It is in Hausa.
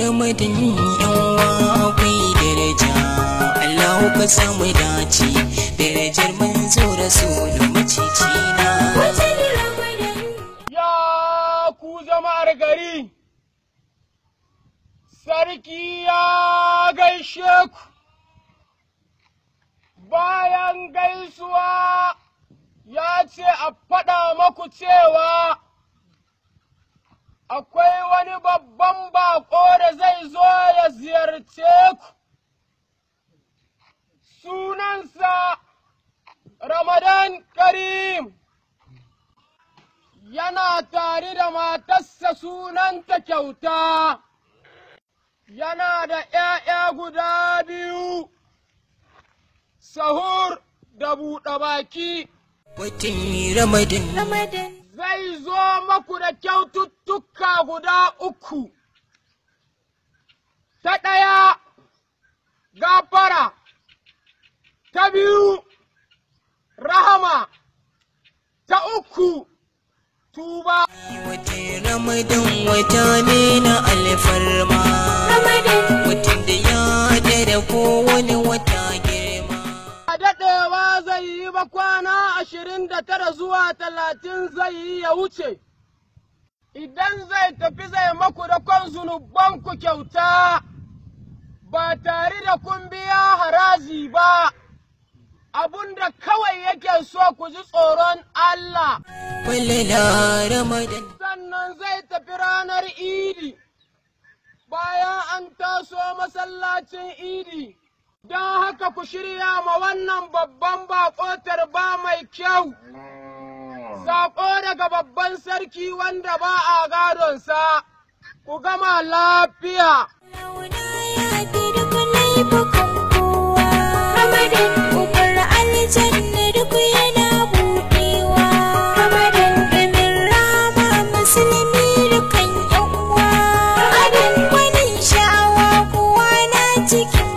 na mutum yawa akwai daraja Allah ka samu dace darajar manzo rasulun macici na ya ku jama'ar gari sarki ya gaishe ku bayan gaisuwa ya ce a faɗa maku cewa akwai wani babban bako Karim yana tare da matarsa sunanta kyauta, yana da ’ya'ya guda biyu, sahur da buɗe baki. Zai zo maku da kyaututtuka guda uku, ta ɗaya gafara, ta biyu tuba. Wata ramadan wata ne na alfarma. Mutum da ya dare kowane wata girma. Daɗewa zai yi ba kwana ashirin da tara zuwa talatin zai yi ya wuce. Idan zai tafi zai maku da kwan zunubanku kyauta ba tare da kun biya harazi ba. abun da kawai yake so ku ji tsoron Allah. Sannan zai tafi ranar Idi, bayan an taso masallacin Idi, don haka ku shirya ma wannan babban bakotar ba mai kyau. Saƙo daga babban sarki wanda ba a gadonsa, ku gama lafiya. ya magic